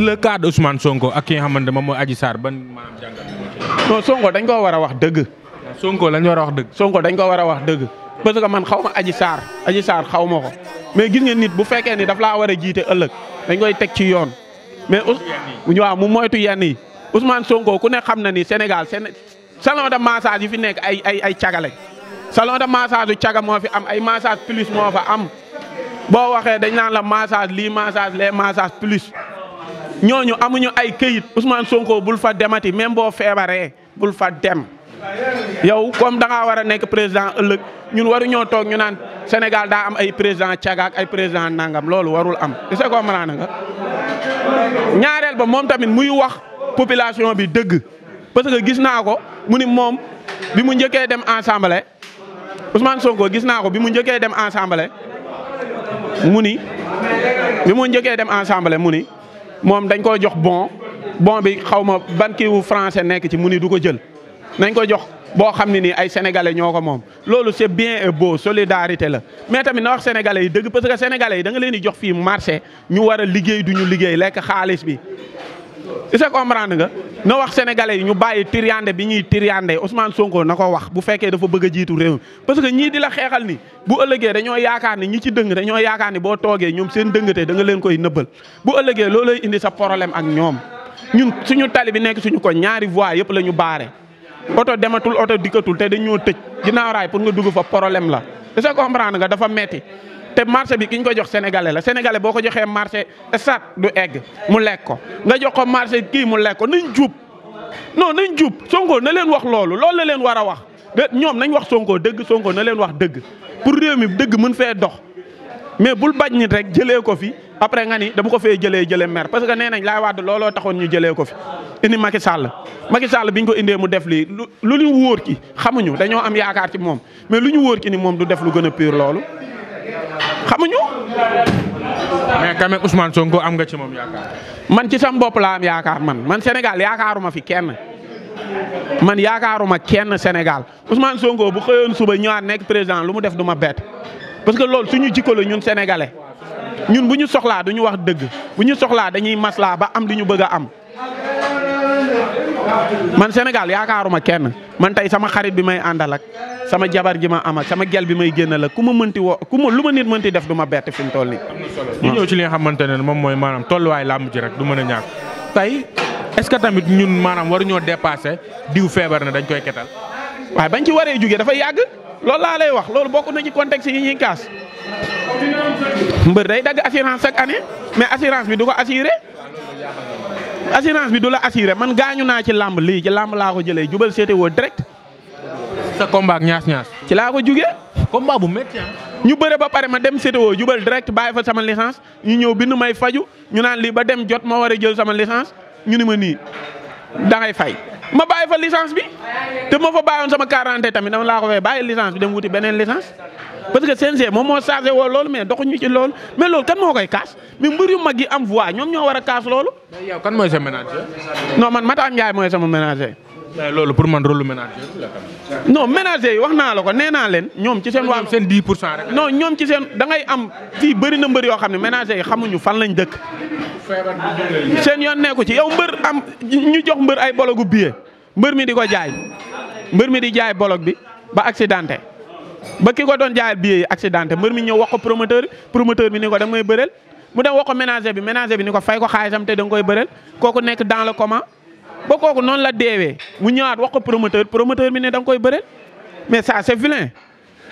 le cas de Ousmane Sonko ak ki nga xamante moom mooy Adji Sarr ban maanaam jàngat non Sonko dañ koo war a wax dëgg. Sonko lañ war a dañ ko war a wax dëgg parce man xaw ma Adji Sarr Adji Sarr xaw ma ko mais gis ngeen nit bu fekkee ni daf laa war a jiite ëllëg dañ koy teg ci yoon. mais Ous waaw mu moytu yenn yi Sonko ku ne xam na ni Sénégal salon de massage yi fi nekk ay ay ay cagale salon de massage yu caga moo fi am ay massage plus moo fa am boo waxee dañ naan la massage lii massage les massage ñooñu amuñu ay këyit Ousmane Sonko bul fa demati même boo feebaree bul fa dem. yow comme da ngaa war a nekk président ëllëg ñun waruñoo toog ñu naan Sénégal daa am ay président caga ak ay président nangam loolu warul am est-ce que comprendre nga. ñaareel ba moom tamit muy wax population bi dëgg parce que gis naa ko mu ni moom bi mu njëkkee dem ensemble Ousmane Sonko gis naa ko bi mu njëkkee dem ensemble mu ni bi mu njëkkee dem ensemble mu ni. moom dañ koy jox bon bon bi xawma ma ban kii wu français nekk ci mu ni du ko jël nañ koy jox boo xam ne ni ay sénégalais ñoo ko moom loolu c'est bien et beau solidarité la mais tamit na wax sénégalais yi dëgg parce que sénégalais yi da leen di jox fii marché ñu war a liggéey duñu liggéey lekk xaalis bi est-ce que comprendre nga na wax sénégalais yi ñu bàyyi tiriande bi ñuy tiriande Ousmane Sonko na ko wax bu fekkee dafa bëgg a jiitu réew parce que ñii di la xeexal ni bu ëllëgee dañoo yaakaar ni ñi ci dëng dañoo yaakaar ni boo toogee ñoom seen dëngate da nga leen koy nëbbal bu ëllëgee loolay indi sa problème ak ñoom ñun suñu tali bi nekk suñu ko ñaari voie yëpp la ñu baare oto dematul oto dikkatul te dañoo tëj di raay pour nga dugg fa problème la te marché bi ki ñu ko jox sénégalais la sénégalais boo ko joxee marché sat du egg mu lekk ko nga jox ko marché kii mu lekk ko nañ jub non nañ jub Sonko na leen wax loolu loolu la leen war a wax de ñoom nañ wax sonkoo dëgg sonkoo na leen wax dëgg pour réew mi dëgg mën fee dox mais bul bañ nit rek jëlee ko fi après nga ni dama ko fee jëlee jële mer parce que nee nañ laay wadd looloo taxoon ñu jëlee ko fi indi Macky Sall Macky Sall bi ñu ko indee mu def lii lu lu ñu wóor ki xamuñu dañoo am yaakaar ci moom mais lu ñu wóor ki ni moom du def lu gën a pire loolu mais quand usmaan Sonko am nga ci moom yaakaar. man ci sam bopp laa am yaakaar man man Sénégal yaakaaruma fi kenn man yaakaaruma kenn Sénégal Ousmane Sonko bu xëyoon suba ñëwaat nekk président lu mu def du ma bett parce que loolu suñu jikko la ñun sénégalais ñun bu ñu soxlaa du ñu wax dëgg bu ñu soxlaa dañuy maslaa ba am du ñu bëgg a am man Sénégal yaakaaruma kenn. man tey sama xarit bi may àndal ak sama jabar ji ma am ak sama gel bi may génnal la ku ma mënti woo ku ma lu ma nit mënti def du ma bett fi mu toll nii. ñu ñëw ci li nga xamante ne moom mooy maanaam tolluwaay làmb ji rek du mën a ñàkk tey est-ce que tamit ñun maanaam waruñoo dépassé diw feebar na dañ koy ketal. waaye bañ ci waree jugee dafa yàgg loolu laa lay wax loolu bokk na ci contexte yi ñuy kaas mbër day dagg assurance chaque année mais assurance bi du ko assuré. assurance bi du la assuré man gaañu naa ci làmb lii ci làmb laa ko jëlee jubal seete woo direct. sa combat ñaas ñaas. ci laa ko jugee. combat bu métti ñu bëre ba pare ma dem CTO jubal direct bàyyi fa sama licence ñu ñëw bind may faju ñu naan lii ba dem jot ma war a jël sama licence ñu ni ma nii da ngay fay ma bàyyi fa licence bi te ma fa bàyyoon sama quarante tamit dama laa ko fay bàyyi licence bi dem wuti beneen licence. parce que CNG moom moo chargé woo loolu mais doxuñu ci loolu mais loolu kan moo koy kaas mais mbir yu mag yi am voix ñoom ñoo war a kaas loolu. yow kan mooy sa manager. non man Matam Ndiaye mooy sama manager. mais loolu pour man rôle ménager non ménager yi wax naa la ko nee naa leen ñoom ci seen. waa seen pour cent rek. non ñoom ci seen dangay am fii bëri na mbër yoo xam ne ménager yi xamuñu fan lañ dëkk. seen yoon nekku ci yow mbër am ñu jox mbër ay bologu billet mbër mi di ko jaay mbër mi di jaay bolog bi ba accidenté ba ki ko doon jaayal billet yi accidenté mbër mi ñëw wax ko promoteur promoteur bi ni ko da nga koy bëreel mu dem wax ko ménager bi ménager bi ni ko fay ko xaalisam te da nga koy bëreel kooku nekk dans le coma. ba kooku noonu la deewee mu ñëwaat wax ko promoteur promoteur bi ne danga koy bëre mais ça c'est vilain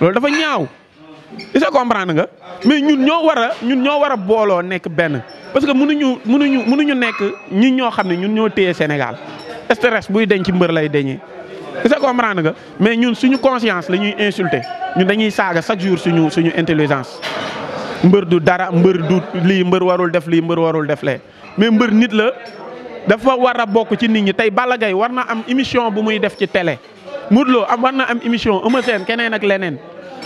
loolu dafa ñaaw est-ce nga mais ñun ñoo war a ñun ñoo war a booloo nekk benn parce que munuñu mënuñu mënuñu nekk ñi ñoo xam ne ñun ñoo téye Sénégal stress buy ci mbër lay deñee est-ce nga mais ñun suñu conscience la ñuy insulté ñun dañuy saaga chaque jour suñu suñu intelligence mbër du dara mbër du lii mbër warul def lii mbër warul def le mais dafa war a bokk ci nit ñi tey Balla Gaye war na am émission bu muy def ci télé Modou Lo am war na am émission Eumeu Sène keneen ak leneen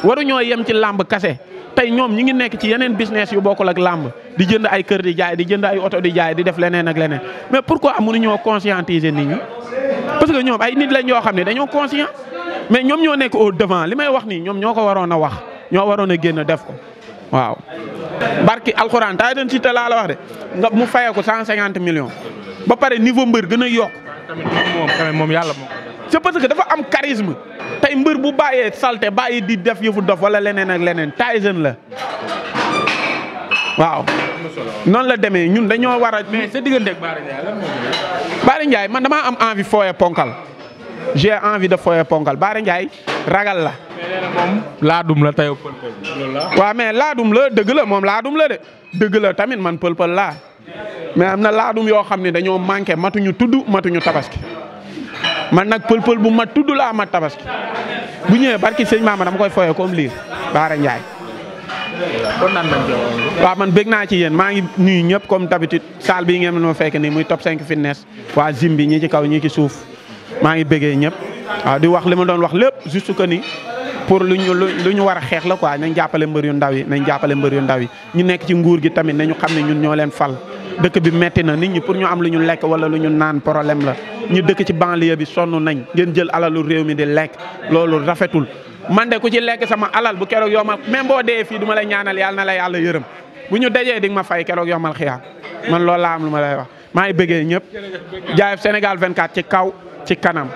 ñoo yem ci làmb kase tey ñoom ñi ngi nekk ci yeneen business yu bokkul ak làmb di jënd ay kër di jaay di jënd ay oto di jaay di def leneen ak leneen mais pour pourquoi mënuñoo conscientiser nit ñi parce que ñoom ay nit lañ yoo xam ne dañoo conscient mais ñoom ñoo nekk au devant li may wax nii ñoom ñoo ko waroon a wax ñoo waroon a génn def ko waaw. barki alxuraan taay dañ ci te laa la wax de nga mu fayee ko 150 millions. ba pare niveau mbër gën a yokk. moom yàlla moo ko c'est que dafa am charisme. tey mbër bu bàyyee salte bàyyi di def yëfu dof wala leneen ak leneen Tyson la waaw. noonu la demee ñun dañoo war a. mais sa diggante ak Baara man damaa am envie fooyee ponkal j'ai envie de fooyee ponkal Baara Ndiaye ragal la. moom laadum la tey pël pël. waaw mais laadum la dëgg la laa laadum la de dëgg la tamit man pël pël laa. mais am na laadum yoo xam ne dañoo manqué matuñu tudd matuñu tabaski man nag pël pël bu ma tudd laa mat tabaski bu ñëwee barki sëñ maama dama koy foyee comme liir Baara Ndiaye. waaw man bég naa ci yéen maa ngi nuyu ñëpp comme d'habitude salle bii ngeen ma fekk nii muy top 5 fitness waa gym bi ñii ci kaw ñii ci suuf maa ngi bégee ñëpp waaw di wax li ma doon wax lépp juste que nii pour lu ñu lu ñu war a xeex la quoi nañ jàppale mbër yu ndaw yi nañ jàppale mbër yu ndaw yi ñu nekk ci nguur gi tamit nañu xam ne ñun ñoo leen fal dëkk bi metti na nit ñi pour ñu am lu ñu lekk wala lu ñu naan problème la ñu dëkk ci banlieue bi sonn nañ ngeen jël alalu réew mi di lekk loolu rafetul man de ku ci lekk sama alal bu keroog yomal même boo dee fii du ma lay ñaanal yàlla na la yàlla yërëm bu ñu dajee di ma fay keroog yomal xiyaam man lool laa am lu ma lay wax maa ngi bëggee ñëpp jaayef Sénégal 24 ci kaw ci kanam